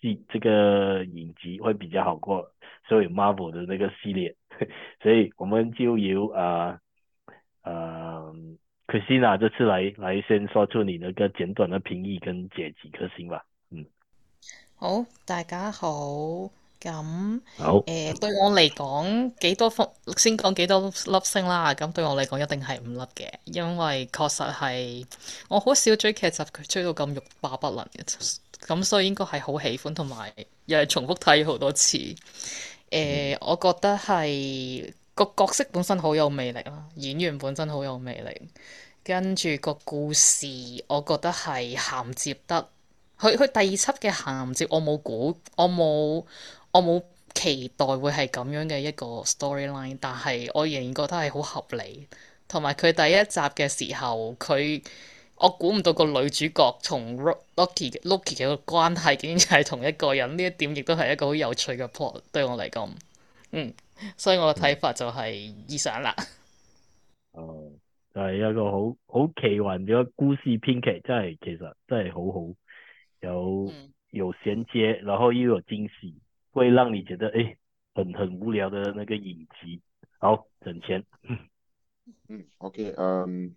這個影集會比較好過所以 Marvel 的那個系列， 所以我們就由啊，啊，i n a 這次來來先說出你那個簡短的評議跟解幾顆星吧。嗯，好，大家好，咁，好，誒、呃，對我嚟講幾多分先講幾多粒星啦。咁對我嚟講一定係五粒嘅，因為確實係我好少追劇集，佢追到咁欲罷不能嘅。咁所以應該係好喜歡，同埋又係重複睇好多次。誒、嗯呃，我覺得係個角色本身好有魅力啦，演員本身好有魅力。跟住個故事，我覺得係銜接得。佢佢第二輯嘅銜接我沒，我冇估，我冇我冇期待會係咁樣嘅一個 storyline，但係我仍然覺得係好合理。同埋佢第一集嘅時候，佢。我估唔到個女主角從 Loki、Loki 嘅個關係竟然係同一個人，呢一點亦都係一個好有趣嘅 point 對我嚟講。嗯，所以我嘅睇法就係以上啦。哦，就係一個好好奇幻嘅故事編劇，真係其實真係好好有有銜接，然後又有驚喜，會讓你覺得誒，很很無聊嘅那個演技，好整錢。嗯，OK， 嗯。 okay, um.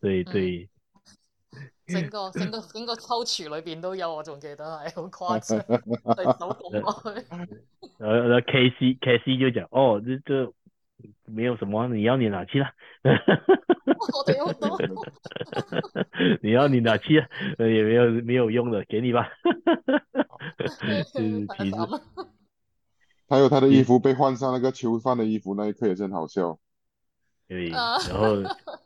對、嗯、對，整個整個整個抽屜裏邊都有，我仲記得，係好誇張，手 放對 然後 然後 K C K C 就講，哦，這這沒有什麼，你要你拿去？ 我多啲好多。 你要你拿去，啊？也沒有沒有用的，給你吧。皮 子好，還 其實 有他的衣服被換上那個囚犯的衣服，那一刻也是很好笑。對，然後。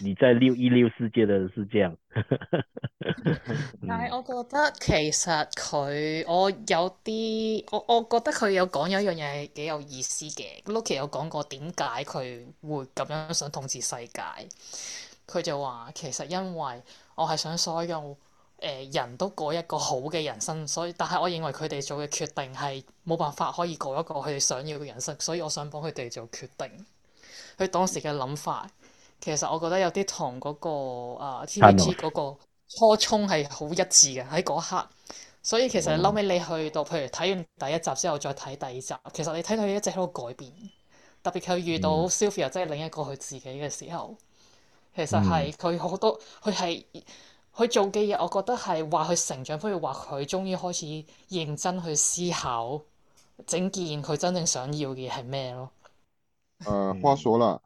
你在六一六世界的是這樣， 但係我覺得其實佢我有啲我我覺得佢有講有一樣嘢，係幾有意思嘅。 Loki 有講過點解佢會咁樣想統治世界，佢就話其實因為我係想所有誒人都過一個好嘅人生，所以但係我認為佢哋做嘅決定係冇辦法可以過一個佢哋想要嘅人生，所以我想幫佢哋做決定。佢當時嘅諗法。其實我覺得有啲同嗰個啊 TVA 嗰個初衷係好一致嘅喺嗰刻，所以其實後尾你去到，譬如睇完第一集之後再睇第二集，其實你睇到佢一直喺度改變，特別佢遇到 Sophia 即係另一個佢自己嘅時候，其實係佢好多佢係佢做嘅嘢，我覺得係話佢成長，不如話佢終於開始認真去思考整件佢真正想要嘅嘢係咩咯？誒、呃，話說啦。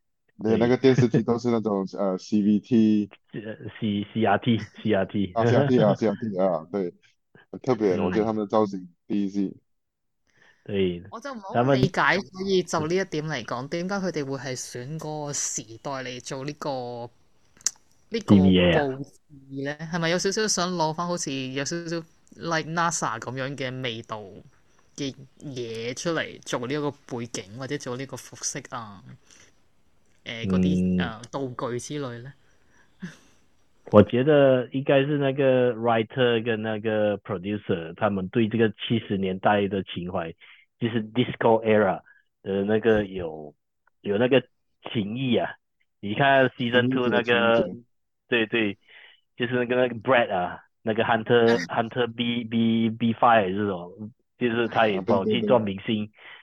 對，那個電視機都是那種，呃，C V T，C C R T，C R T，R G B R G B 啊，對，特別， 我覺得他們都是 D C。誒，我就唔好理解，可 以就呢一點嚟講，點解佢哋會係選嗰個時代嚟做，這個，件呢個呢個故事咧？係，yeah. 咪有少少想攞翻好似有少少 like NASA 咁樣嘅味道嘅嘢出嚟做呢個背景或者做呢個服飾啊？誒、呃，嗰啲誒道具之類呢，我覺得應該是那個 writer 跟那個 producer，他們對這個七十年代的情懷，就是 disco era 的那個有有那個情意啊！你看 season two 那個，對，對對，就是那跟那個 Brad e 啊，那個 Hunter Hunter B B B Five 係咯，其、就、實、是、他也我 去做明星。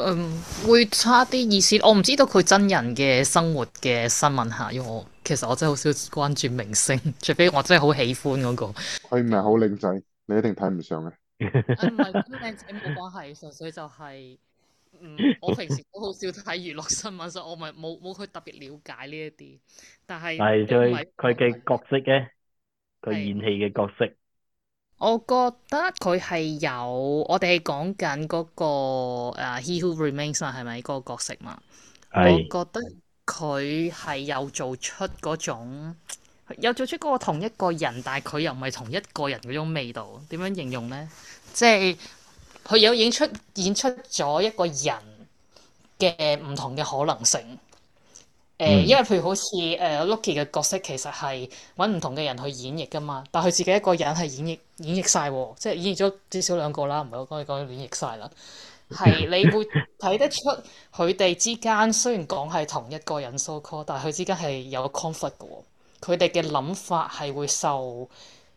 嗯，會差啲意思，我唔知道佢真人嘅生活嘅新聞下，因為我其實我真係好少關注明星，除非我真係好喜歡嗰個。佢唔係好靚仔，你一定睇唔上嘅。唔係咁靚仔，冇關係，純粹就係，嗯，我平時都好少睇娛樂新聞， 所以我咪冇冇去特別了解呢一啲。但係係佢佢嘅角色嘅，佢演戲嘅角色。我覺得佢係有，我哋係講緊嗰個誒，He Who Remains 嘛，係咪嗰個角色嘛？我覺得佢係有做出嗰種，有做出嗰個同一個人，但係佢又唔係同一個人嗰種味道。點樣形容咧？即係佢有影出演出咗一個人嘅唔同嘅可能性。誒，因為譬如好似誒 Loki 嘅角色，其實係揾唔同嘅人去演繹㗎嘛，但佢自己一個人係演繹演繹晒喎，即係演繹咗至少兩個啦，唔係我講你演繹晒啦，係你會睇得出佢哋之間雖然講係同一個人 so call，但係佢之間係有 conflict 嘅喎，佢哋嘅諗法係會受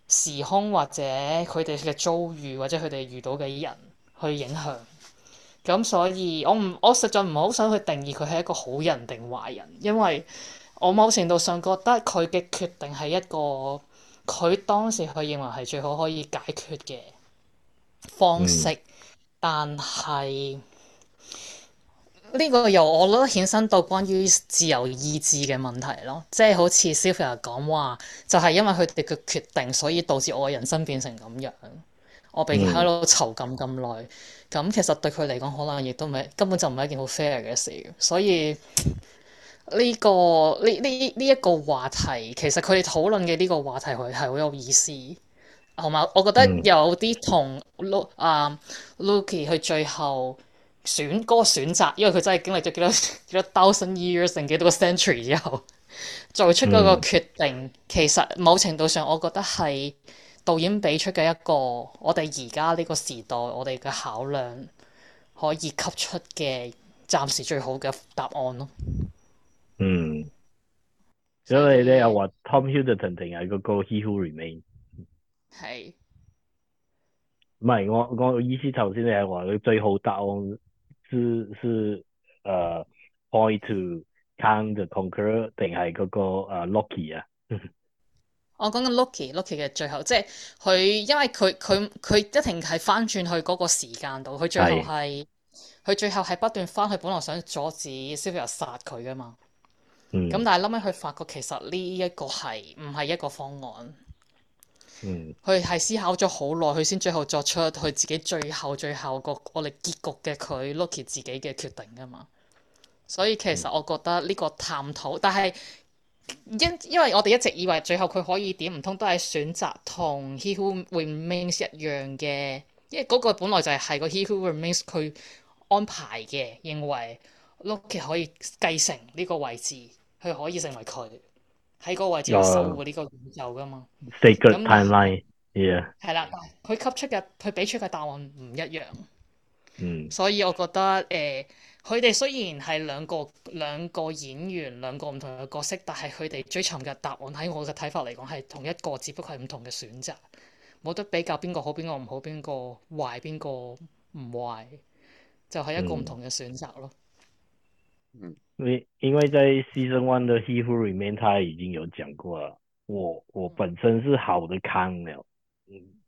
時空或者佢哋嘅遭遇或者佢哋遇到嘅人去影響。咁所以，我唔，我實在唔係好想去定義佢係一個好人定壞人，因為我某程度上覺得佢嘅決定係一個佢當時佢認為係最好可以解決嘅方式，嗯、但係呢、這個由我覺得衍生到關於自由意志嘅問題咯，即、就、係、是、好似 Sophia 講話，就係、是、因為佢哋嘅決定，所以導致我嘅人生變成咁樣。我俾佢喺度囚禁咁耐，咁、mm. 其實對佢嚟講，可能亦都唔係根本就唔係一件好 fair 嘅事。所以呢、呢個呢呢呢一個話題，其實佢哋討論嘅呢個話題，佢係好有意思。好嘛，同埋，mm. 我覺得有啲同 Lu 啊 Loki 去最後選嗰個選擇，因為佢真係經歷咗幾多幾多 thousand years，定幾多個 century 之後，做出嗰個決定，mm. 其實某程度上，我覺得係。導演俾出嘅一個，我哋而家呢個時代，我哋嘅考量可以給出嘅暫時最好嘅答案咯。嗯，所以，所以你又話 Tom Hiddleston 定係嗰個 He Who Remains？係。唔係，我我的意思頭先係話佢最好答案是是誒、uh, Kang the Conqueror 定係嗰個誒 Loki 啊。Uh, 我講緊 Lucky，Lucky 嘅最後，即係佢，因為佢佢佢一定係翻轉去嗰個時間度，佢最後係佢最後係不斷翻去本來想阻止小朋友 h 殺佢噶嘛。咁、嗯、但係臨尾佢發覺其實呢一個係唔係一個方案。佢、嗯、係思考咗好耐，佢先最後作出佢自己最後最後個我哋結局嘅佢 Lucky 自己嘅決定噶嘛。所以其實我覺得呢個探討，但係。因因為我哋一直以為最後佢可以點，唔通都係選擇同 He Who Remains 一樣嘅，因為嗰個本來就係個 He Who Remains 佢安排嘅，認為 Loki 可以繼承呢個位置，佢可以成為佢喺個位置守護呢個宇宙噶嘛。Secret timeline，係、yeah. 啦，佢給出嘅佢俾出嘅答案唔一樣。 所以我覺得，誒、呃，佢哋雖然係兩個兩個演員，兩個唔同嘅角色，但係佢哋追尋嘅答案喺我嘅睇法嚟講係同一個，只不過係唔同嘅選擇，冇得比較邊個好，邊個唔好，邊個壞，邊個唔壞，就係、是、一個唔同嘅選擇咯。嗯，因因為在 season one 的 He Who Remains 裏面，他已經有講過了，我我本身是好的 Kang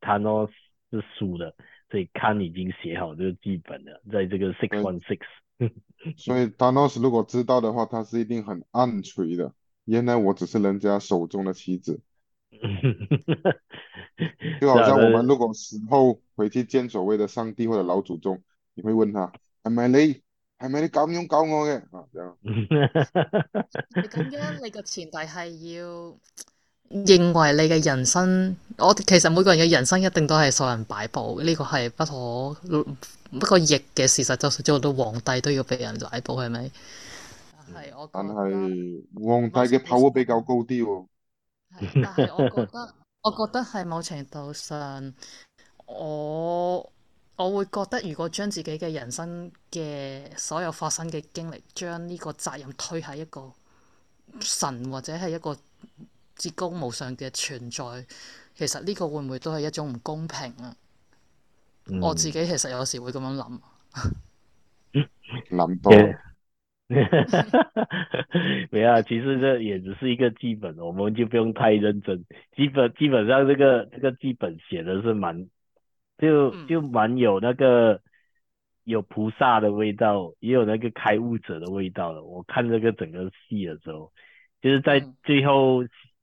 他 Thanos 是輸的，所以康已經寫好這個劇本了，在這個 six one six。所以他 Thanos 如果知道的話，他是一定很暗錘的。原來我只是人家手中的棋子。 就好像我們如果死後回去見所謂的上帝或者老祖宗，你會問他：，係咪你，係咪你咁用救我嘅？啊，這樣。 你咁樣，你嘅前提係要。認為你嘅人生，我其實每個人嘅人生一定都係受人擺布，呢、呢個係不可不可逆嘅事實。就算做到皇帝都要被人擺布，係咪？係我。但係皇帝嘅炮會比較高啲。但係我覺得，但係我覺得喺 某程度上，我我會覺得，如果將自己嘅人生嘅所有發生嘅經歷，將呢個責任推喺一個神或者係一個。至高無上嘅存在，其實呢個會唔會都係一種唔公平啊、嗯？我自己其實有時會咁樣諗、啊。諗、嗯、多， 其實這也只是一個劇本，我們就不用太認真。基本基本上、那個，這、那個這個劇本寫得是蠻，就就蠻有那個有菩薩的味道，也有那個開悟者的味道的。我看這個整個戲嘅時候，就是在最後。嗯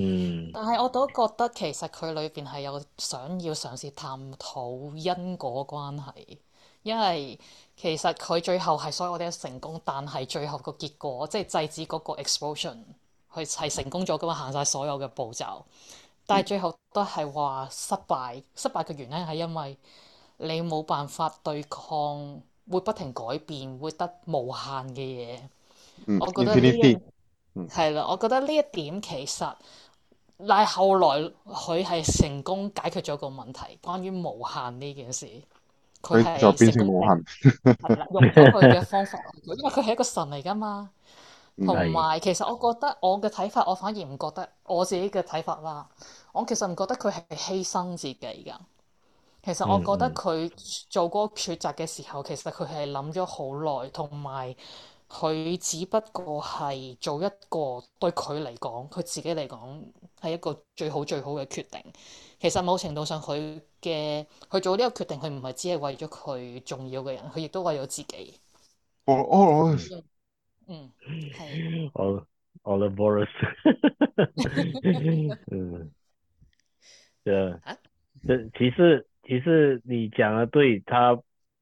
嗯，但係我都覺得其實佢裏邊係有想要嘗試探討因果關係，因為其實佢最後係所有我哋都成功，但係最後個結果即係、就是、制止嗰個 explosion，佢係成功咗㗎嘛，行晒所有嘅步驟，但係最後都係話失敗，失敗嘅原因係因為你冇辦法對抗會不停改變、會得無限嘅嘢。嗯，呢啲呢啲，係啦，我覺得呢一、嗯、一點其實。但，後來佢係成功解決咗個問題，關於無限呢件事，佢係成功無限，係啦，用咗佢嘅方法，因為佢係一個神嚟噶嘛。同埋其實我覺得我嘅睇法，我反而唔覺得我自己嘅睇法啦。我其實唔覺得佢係犧牲自己噶。其實我覺得佢做嗰個抉擇嘅時候，其實佢係諗咗好耐，同埋。佢只不過係做一個對佢嚟講，佢自己嚟講係一個最好最好嘅決定。其實某程度上，佢嘅佢做呢個決定，佢唔係只係為咗佢重要嘅人，佢亦都為咗自己。我我嗯，All of Boris，嗯，Boris. Yeah. Huh? 其實其實你講得對，他。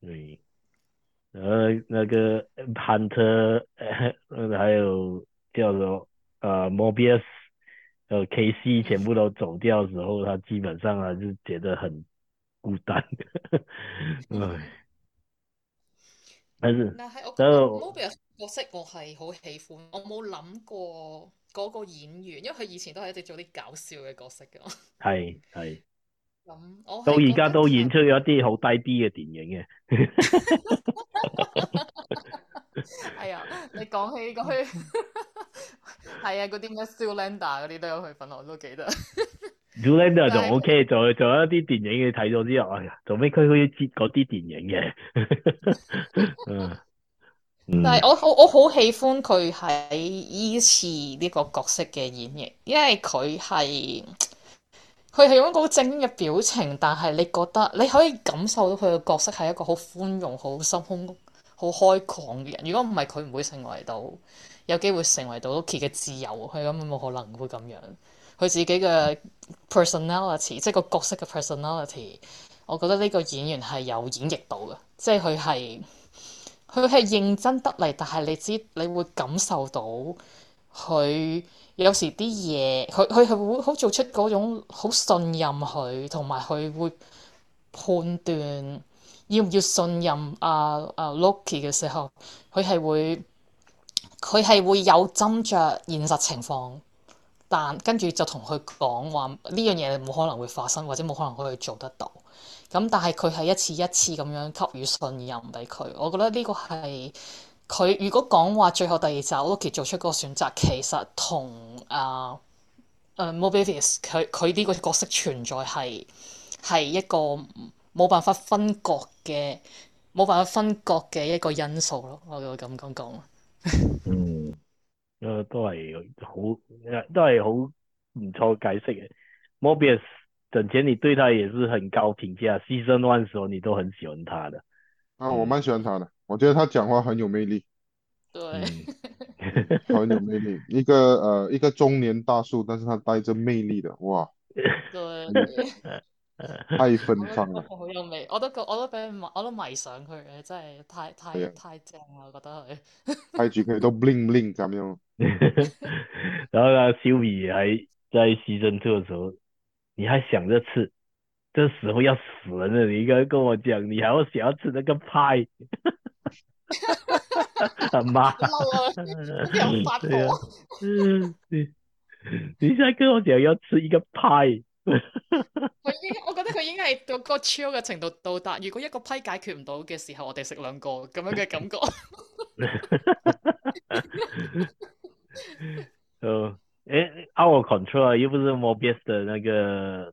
對，然後那個 Hunter，還有叫做，呃、啊、Mobius 呃，KC 全部都走掉之後，他基本上還是就覺得很孤單。唉、嗯， 但是 Mobius 角色我係好喜歡，我冇諗過嗰個演員，因為佢以前都係一直做啲搞笑嘅角色嘅。係係。咁到而家都演出咗一啲好低啲嘅電影嘅，係啊！你講起嗰去，係 啊、哎！嗰啲咩 Zoolander 嗰啲都有去份，我都記得。Zoolander 仲 OK，仲仲有一啲電影你睇咗之後，哎呀，做咩佢可以接嗰啲電影嘅？ 嗯，但係我我我好喜歡佢喺依次呢個角色嘅演繹，因為佢係。佢係用一個好正經嘅表情，但係你覺得你可以感受到佢嘅角色係一個好寬容、好心胸、好開曠嘅人。如果唔係，佢唔會成為到有機會成為到 Loki 嘅摯友。佢根本冇可能會咁樣。佢自己嘅 personality，即係個角色嘅 personality，我覺得呢個演員係有演繹到嘅，即係佢係佢係認真得嚟。但係你知你會感受到佢。有時啲嘢，佢佢係會好做出嗰種好信任佢，同埋佢會判斷要唔要信任阿阿、uh, uh, Loki 嘅時候，佢係會佢係會有斟酌現實情況，但跟住就同佢講話呢樣嘢冇可能會發生，或者冇可能可以做得到。咁但係佢係一次一次咁樣給予信任唔俾佢。我覺得呢個係佢如果講話最後第二集 Loki 做出嗰個選擇，其實同。啊、uh, uh,，Mobius 佢佢呢個角色存在係，係一個冇辦法分割嘅冇辦法分割嘅一個因素咯，我就咁講講。 嗯，誒、呃、都係好、呃、都係好唔錯解釋嘅。Mobius 整前你對他也是很高評價，season one 時候你都很喜歡他嘅。啊，我蠻喜歡他的、嗯，我覺得他講話很有魅力。對，好、 嗯、有魅力，一個呃一個中年大叔，但是他帶着魅力的，哇，對，太粉粉了，好有味，我都覺我，我，我都被迷，我都迷上佢，了，真係太太、啊、太正了，我覺得他，睇住佢都 bling bling 咁樣， 然後呢，休比還在犧牲的時候，你還想着吃，這時候要死人了，你應該跟我講，你還要想要吃那個派。 媽、 啊嗯嗯，你你你現在跟我講要吃一個批， 我已，我覺得佢已經係到個超嘅程度到達。如果一個批解決唔到嘅時候，我哋食兩個咁樣嘅感覺。 so, 誒，our control 又不是 Mobius 嘅那個。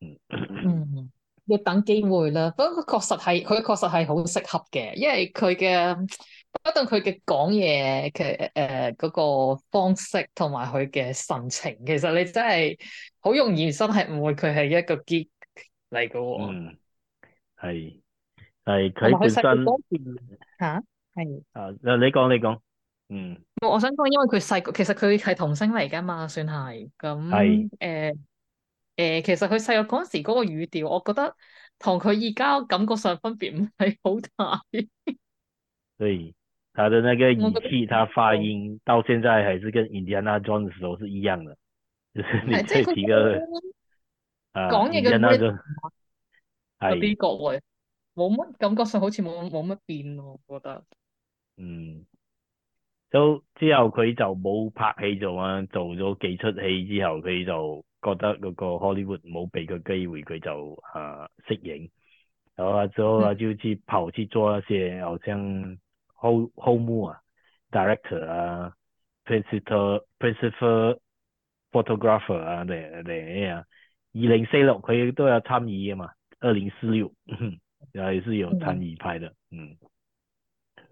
嗯，要等機會啦。不過確實係，佢確實係好適合嘅，因為佢嘅，不但佢嘅講嘢嘅誒個方式，同埋佢嘅神情，其實你真係好容易真係誤會佢係一個 geek 嚟噶。嗯，係係佢本身吓係啊，啊，你講你講，嗯，我想講因因為佢細個，其實佢係童星嚟噶嘛，算係咁，係誒。誒，其實佢細個嗰陣時嗰個語調，我覺得同佢而家感覺上分別唔係好大。所以他的那個語氣，他發音到現在還是跟 Indiana Jones 都是一樣的，就是你這幾個啊，Indiana Jones 都嗰啲國外冇乜感覺上好似冇冇乜變咯，我覺得。嗯。都之後佢就冇拍戲做啦，做咗幾出戲之後，佢就。覺得嗰個 Hollywood 冇俾佢機會，佢就啊適應，然、so, 啊、so, 嗯，之後啊，就去跑去做一些，好像 h 後後幕啊，director 啊，principal，principal，photographer 啊，啲啲嘢啊，二零四六佢都有參與嘅嘛，二零四六，佢係是有參與拍的，嗯。嗯。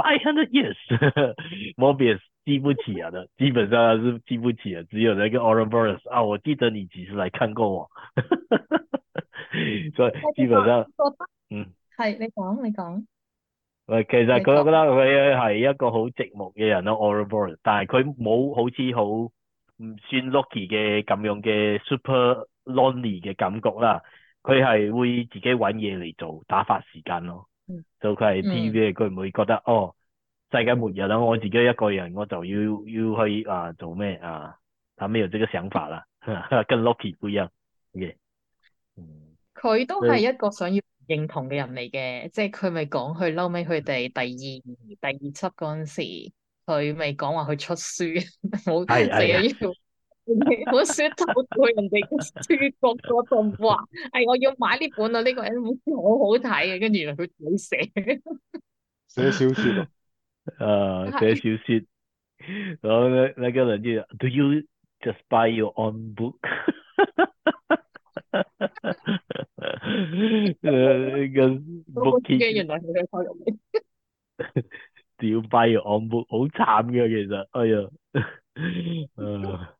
八百多年，莫比斯記不起啊！的 基本上係記不起啊，只有那個奧蘭博斯啊，我記得你幾時來看過我，啊。 所以 基本上，嗯，係你講，你講。喂，其實佢覺得佢係一個好寂寞嘅人咯，奧蘭博斯。但係佢冇好似好唔算 Loki 嘅咁樣嘅 super lonely 嘅感覺啦。佢係會自己揾嘢嚟做打發時間咯。就佢係 TV，佢唔會覺得、嗯、哦世界末日啦，我自己一個人我就要要去啊做咩啊？後尾、啊、有呢個想法啦，跟 Loki 唔一樣嘅。佢、okay 嗯、都係一個想要認同嘅人嚟嘅，即係佢咪講佢嬲尾佢哋第二第二輯嗰陣時候，佢咪講話佢出書，冇死啊要。唔係好少睇到人哋嘅書局嗰度話，係我要買呢本啊！呢個人好似好好睇嘅，跟住原來佢寫寫小說啊，寫小說。咁咧，嗰個人就 Do you just buy your own book？嗰本書嘅原來係佢嘅收入嚟。Do you buy your own book？好慘嘅，其實，哎呀，啊～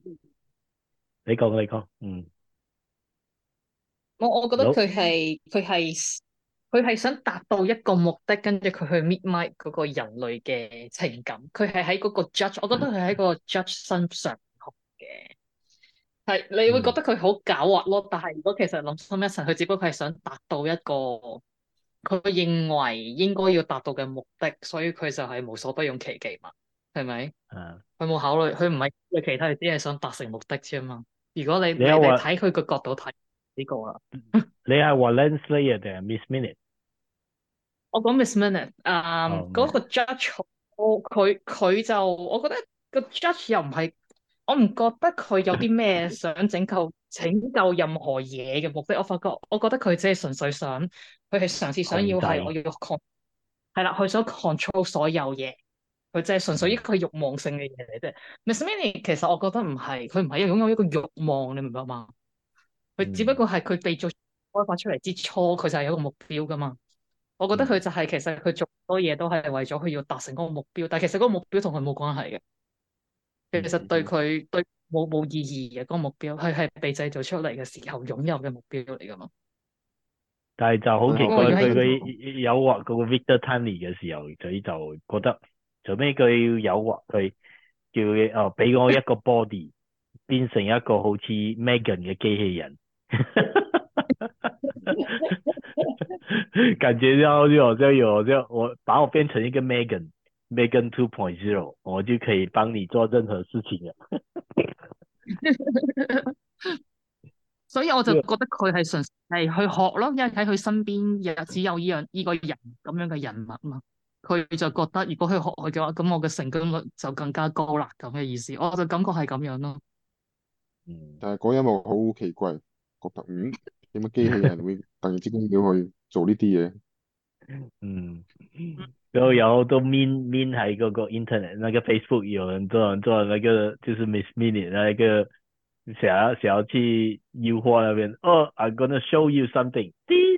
你講，你講，嗯，我我覺得佢係佢係佢係想達到一個目的，跟住佢去 meet 埋嗰個人類嘅情感。佢係喺嗰個 judge，我覺得佢喺個 judge 身上學嘅，係、mm. 你會覺得佢好狡猾咯。但係如果其實諗深一層，佢只不過係想達到一個佢認為應該要達到嘅目的，所以佢就係無所不用其極嘛。係咪？佢、yeah. 冇考慮，佢唔係為其他，佢只係想達成目的啫嘛。如果你你哋睇佢個角度睇呢、這個啦、啊，你係話 Renslayer 定係 Miss Minute？我講 Miss Minute，、um, 啊、oh, 嗰個 judge，我佢佢就我覺得個 judge 又唔係，我唔覺得佢有啲咩想拯救 拯救任何嘢嘅目的。我發覺我覺得佢只係純粹想，佢係嘗試想要係我要控，係啦，佢想 control 所有嘢。佢就係純粹一個欲望性嘅嘢嚟啫。Miss Mini 其實我覺得唔係，佢唔係擁有一個欲望，你明白嘛？佢只不過係佢被做開發出嚟之初，佢就係一個目標噶嘛。我覺得佢就係、是嗯、其實佢做多嘢都係為咗佢要達成嗰個目標，但係其實嗰個目標同佢冇關係嘅。其實對佢、嗯、對冇冇意義嘅嗰、那個目標，佢係被製造出嚟嘅時候擁有嘅目標嚟噶嘛。但係就好奇怪，佢、嗯、佢誘惑嗰個 Victor Tiny 嘅時候，佢就覺得。做咩佢要誘惑佢叫哦？俾我一個 body 變成一個好似 Megan 嘅機器人， 感覺之後就好似有就我把我變成一個 Megan，Megan two point zero，我就可以幫你做任何事情啦。 所以我就覺得佢係純係去學咯，因為睇佢身邊又只有呢樣呢個人咁樣嘅人物嘛。佢就覺得如果佢學佢嘅話，咁我嘅成功率就更加高啦，咁嘅意思，我就感覺係咁樣咯。嗯，但係嗰一幕好奇怪，覺得嗯，點解機器人會突然之間要去做呢啲嘢？ 嗯，又有都 min min 係個 internet，個個 Facebook 有人做做那個就是 Miss Minutes，那一個想要想要去優化嗰邊。哦、oh，I'm gonna show you something.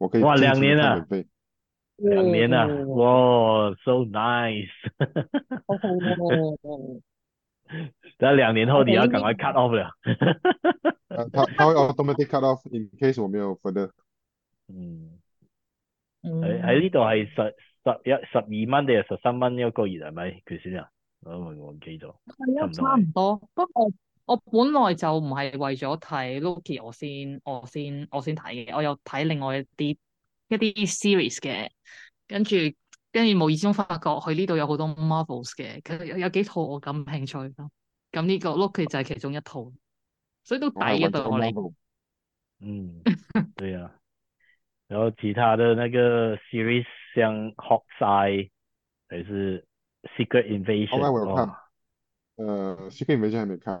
我可以哇，兩年啊，兩年啊，哇，哇，so nice！等彩 高 兩年後你要趕快 cut off 啦。 uh, 佢佢會 automatic cut off in case 我沒有付的、 嗯。嗯，喺喺呢度係十十一十二蚊定係十三蚊一個月係咪？佢先啊，我唔記咗。差唔多，不過。我本來就唔係為咗睇《Loki》，我先我先我先睇嘅。我有睇另外一啲一啲 series 嘅，跟住跟住無意中發覺佢呢度有好多 Marvel 嘅，其實有幾套我感興趣咯。咁呢個《Loki》就係其中一套，嗯、所以都抵嘅度我諗。嗯， 對啊，然後其他的那個 series 像《Hawkeye》還是《Secret Invasion》我我咯、哦。Uh，《Secret Invasion》還沒看。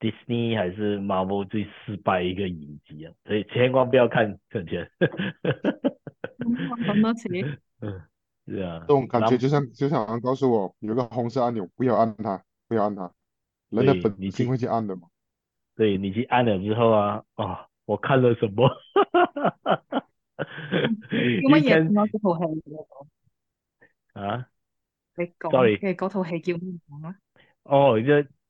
迪士尼還是 Marvel 最失敗一個影集啊，所以千萬不要看，感覺哈哈哈哈哈哈。什麼東西？嗯，對、嗯、啊、嗯， 這種感覺就像就像告訴我有一個紅色按鈕，不要按它，不要按它。人的本性會去按的嘛？對，你去按了之後啊，啊、哦，我看了什麼？ 看有乜嘢？啊？你講 sorry，嗰套戲叫咩名啊？哦，一。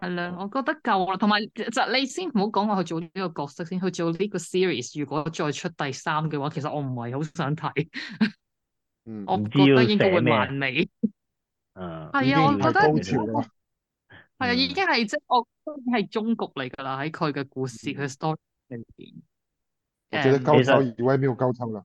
係啦，我覺得夠啦。同埋就你先唔好講我去做呢個角色先，去做呢個 series。如果再出第三嘅話，其實我唔係好想睇。嗯，我唔知啦。應該會爛尾。係啊，我覺得高潮、嗯嗯、啊，已經係即係，我係終局嚟噶啦，喺佢嘅故事佢嘅、嗯、story 裏邊。我覺得高潮以外沒有高潮啦。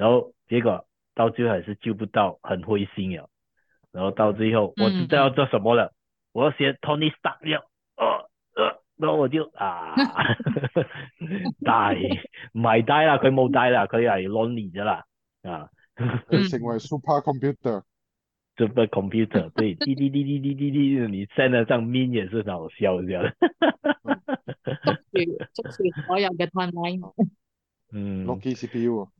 然後結果到最後還是救不到，很灰心呀。然後到最後我知道要做什麼了。嗯，我要寫 Tony Stark 了。哦、啊，當、啊、我就啊，die 唔係 die 啦，佢冇 die 啦，佢係 lonely 咗啦啊，成為 super computer，super computer，對，滴滴滴滴滴滴滴你 send 上面也是好笑，笑，哈哈哈，捉住捉住所有嘅 timeline，嗯，六 G CPU。嗯嗯嗯嗯嗯嗯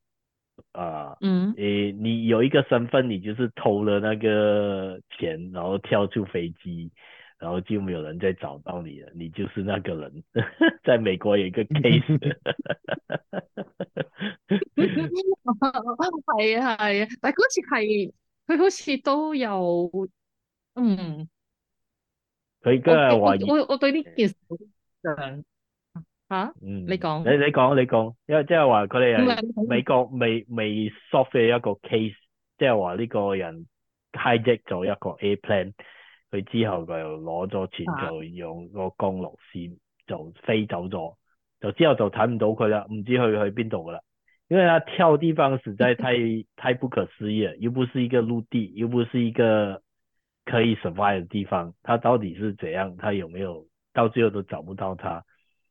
啊，嗯，誒，你有一個身份，你就是偷了那個錢，然後跳出飛機，然後就沒有人再找到你了，你就是那個人。在美國有一個 case，係啊係啊，但嗰次係，佢好似都有，嗯，佢今日話我我對呢件事嚇，嗯，你講，你你講，你講，因為即係話佢哋美國未未 solve 嘅一個 case，即係話呢個人 hijack 咗一個 airplane，佢之後佢又攞咗錢就用個降落線就飛走咗，就之後就睇唔到佢啦，唔知佢去邊度噶啦。因為他跳地方實在太 太不可思議，又不是一個陸地，又不是一個可以 survive 嘅地方，他到底是點樣？他有沒有到最後都找不到他？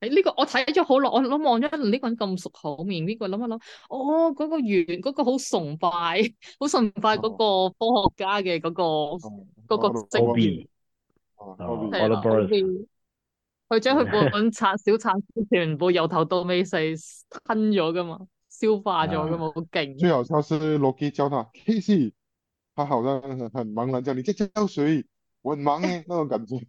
誒，呢個我睇咗好耐，我都望咗。呢個人咁熟口面，呢、這個諗一諗，哦，嗰、那個圓，嗰、那個好崇拜，好崇拜嗰個科學家嘅嗰、那個嗰、哦那個正面。哦，我、哦、邊、哦哦哦，我佢將佢半本冊小冊子全部由頭到尾細吞咗噶嘛，消 化咗噶嘛，好勁。最後 Loki 教他說：，Loki 之後，Casey，他好像很忙，然之後你在澆水，我很忙嘅，那種感覺。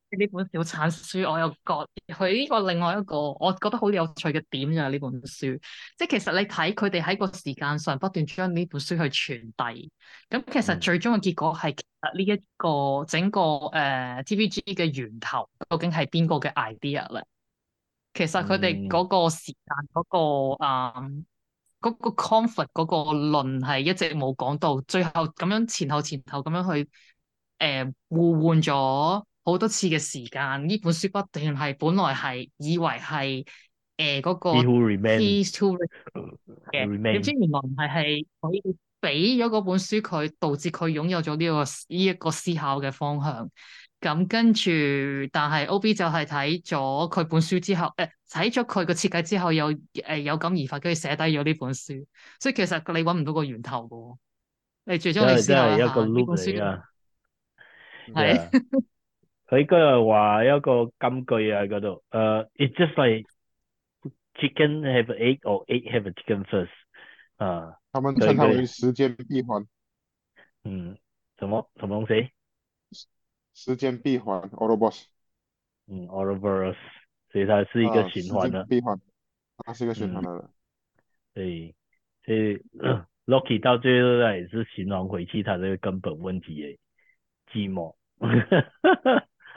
呢本小產書我有，我又覺佢呢個另外一個，我覺得好有趣嘅點就係呢本書，即係其實你睇佢哋喺個時間上不斷將呢本書去傳遞，咁其實最終嘅結果係其實呢一個整個誒 TVA 嘅源頭究竟係邊個嘅 idea 咧？其實佢哋嗰個時間嗰、嗰個啊、mm. 嗯嗰個 conflict 嗰個論係一直冇講到，最後咁樣前後前後咁樣去誒、欸、互換咗。好多次嘅時間，呢本書不斷係本來係以為係誒嗰個，點知原來唔係係可以俾咗嗰本書佢，導致佢擁有咗呢、呢個依一、呢個思考嘅方向。咁跟住，但係 OB 就係睇咗佢本書之後，誒睇咗佢個設計之後有，有誒有感而發，跟住寫低咗呢本書。所以其實你揾唔到個源頭噶，最終你最終你真係一個 loop 嚟噶，係。Yeah. 佢嗰個話一個金句啊，嗰度，誒、uh,，it's just like chicken have a egg or egg have a chicken first。啊，他們稱它為時間閉環嗯，什麼什麼東西？時間閉環 Oliverus 嗯，Oliverus，所以它是一個循環的。閉、啊、環，它是一個循環的。嗯、對所以，所、嗯、以 Loki 到最後咧，也是循環回去，它這個根本問題嘅寂寞。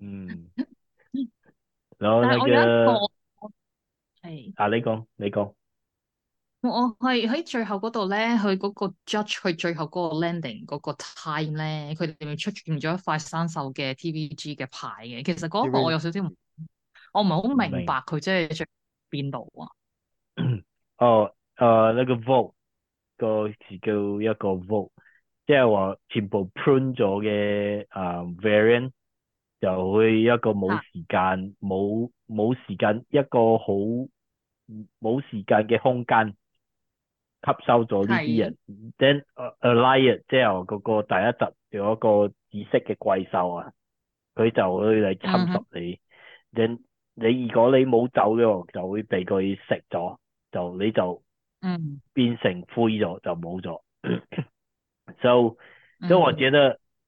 嗯， 我有你嘅係啊，你講你講，我我係喺最後嗰度咧，佢嗰個 judge 佢最後嗰個 landing 嗰個 time 咧，佢哋出出現咗一塊生鏽嘅 TVA 嘅牌嘅，其實嗰個我有少少唔，我唔係好明白佢即係喺邊度啊 哦，誒，呢個 Void 個字叫一個 Void，即係話全部 prune 咗嘅，um, variant。就會一個冇時間、冇、啊、冇時間、一個好冇時間嘅空間吸收咗呢啲人，then a lion，即係嗰個第一集有一個紫色嘅怪獸啊，佢就去嚟侵襲你，你、mm-hmm. 你如果你冇走嘅話，就會被佢食咗，就你就變成灰咗，mm-hmm. 就冇咗。 so 所以，我覺得。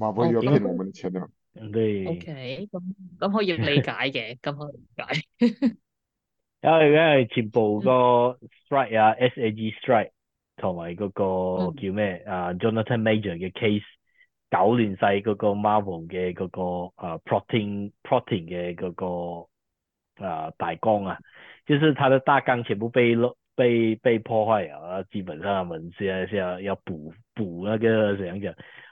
OK，咁咁可以理解嘅，咁可以理解。因為因為全部個 strike 啊 ，SAG strike 同埋嗰個叫咩啊、 uh,，Jonathan Major 嘅 case 搞亂晒嗰個 Marvel 嘅嗰、那個啊、uh, protein protein 嘅嗰、那個啊、uh, 大綱啊，就是它的大綱全部被被被破壞啊，基本上需要需要，文字啊，在是要要補補那個點樣講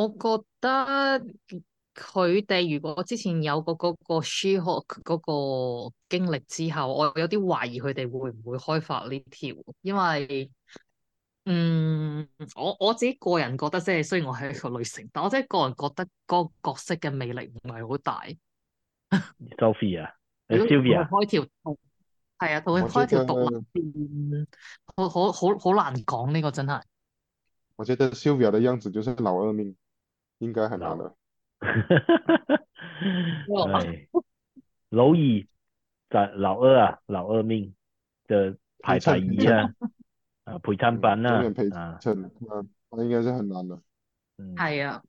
我覺得佢哋如果之前有過嗰個 She-Hulk 嗰個經歷之後，我有啲懷疑佢哋會唔會開發呢條，因為嗯，我我自己個人覺得即係雖然我係一個女性，但我真係個人覺得嗰個角色嘅魅力唔係好大。Sylvia，Sylvia 開條係啊，同佢開條獨立片，好好好，好難講呢，這個真係。我覺得 Sylvia 的樣子就係老二命。應該很難啦。 哎，螻蟻，咋老，老二啊？老二命，就排第二啫。啊，陪襯品啦，啊，我、啊、應該真係難啦。係、哎、啊，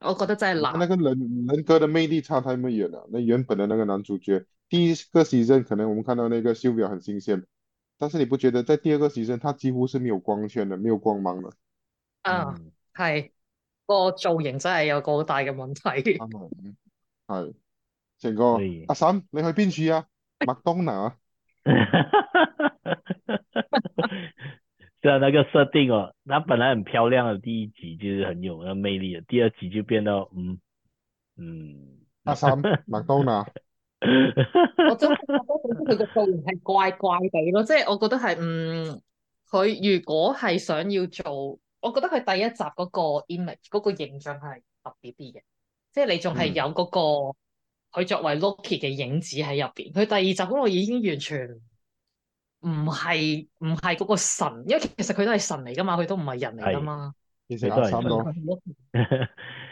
我覺得真係難。那個人人格的魅力差太遠啦。那原本的那個男主角，第一個 season 可能我們看到那個 Sylvie 很新鮮，但是你不覺得在第二個 season，他幾乎是沒有光線的，沒有光芒的。啊、嗯、係、嗯。個造型真係有個好大嘅問題，係成個阿嬸，你去邊處啊？麥當娜，真係那個設定哦，佢本來很漂亮嘅第一集，就是很有個魅力嘅，第二集就變到嗯嗯，阿嬸麥當娜，我真係覺得佢個造型係怪怪地咯，即係我覺得係嗯，佢如果係想要做。我覺得佢第一集嗰個 image 嗰個形象係特別啲嘅，即係你仲係有嗰個佢作為 Loki 嘅影子喺入邊。佢第二集嗰個已經完全唔係唔係嗰個神，因為其實佢都係神嚟噶嘛，佢都唔係人嚟噶嘛，係，其實都係 神咯，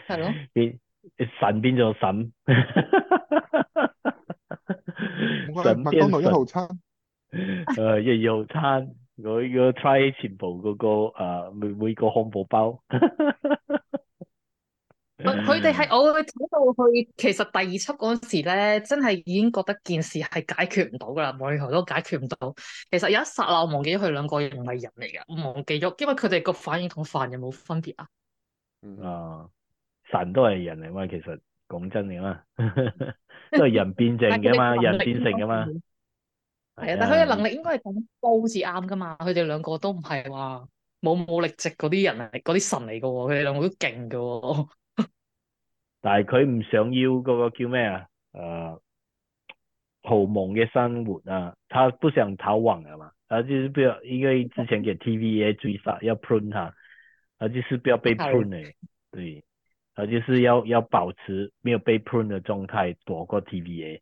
係咯，神變咗神， 神麥當勞一號餐，誒二號餐。 我要 try 全部嗰、那個誒每每個漢堡包，佢哋係我睇到去，其實第二輯嗰陣時咧，真係已經覺得件事係解決唔到噶啦，王宇豪都解決唔到。其實有一剎那我忘記咗佢兩個亦唔係人嚟噶，我忘記咗，因為佢哋個反應同凡人冇分別啊。啊、哦，神都係人嚟嘛，其實講真嘅嘛， 都係人變靜嘅嘛， 人變成噶嘛。係啊，但佢嘅能力應該係咁高至啱噶嘛。佢哋兩個都唔係話冇冇力值嗰啲人嚟，嗰啲神嚟噶喎。佢哋兩個都勁噶喎。但係佢唔想要嗰個叫咩啊？誒，豪夢嘅生活啊，他不想逃亡啊嘛。他就是不要，因為之前嘅 TVA 追殺要 prune 他，他就是不要被 prune 嘅。對，他就是要要保持沒有被 prune 嘅狀態，躲過 TVA。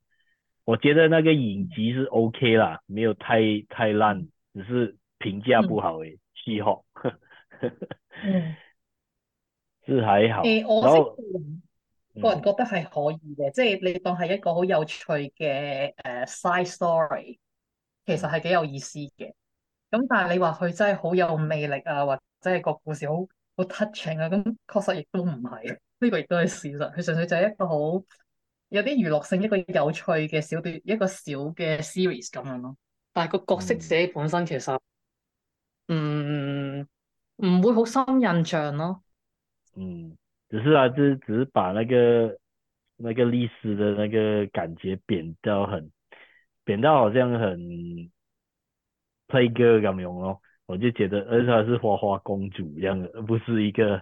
我覺得那個影集是 OK 啦，沒有太太爛，只是評價不好誒，戲號。嗯，學 是係好。欸、我識個人覺得係可以嘅、嗯，即係你當係一個好有趣嘅誒 side story，其實係幾有意思嘅。咁但係你話佢真係好有魅力啊，或者係個故事好好 touching 啊，咁確實亦都唔係，呢、呢個亦都係事實，佢純粹就係一個好。有啲娛樂性，一個有趣嘅小段，一個小嘅 series 咁樣咯。但係個角色自己本身其實，唔、嗯、唔、嗯、會好深印象咯。嗯，只是啊，只只是把那個那個歷史的那個感覺扁到很，扁到好像很 play girl 咁樣咯。我就覺得，而且係花花公主一樣，而不是一個。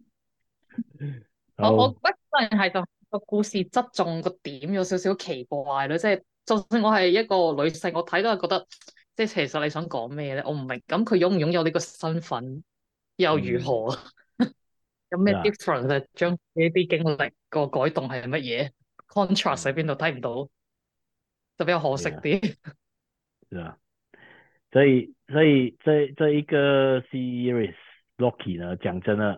我、oh. 我不過係就個故事側重個點有少少奇怪咯，即係，就算我係一個女性，我睇都係覺得，即係其實你想講咩咧？我唔明，咁佢擁唔擁有呢個身份又如何？Mm. 有咩 difference？將呢啲、yeah. 經歷個改動係乜嘢？Contrast 喺邊度睇唔到，就比較可惜啲。啊，所以所以這這一個 series Loki 呢，講真啦。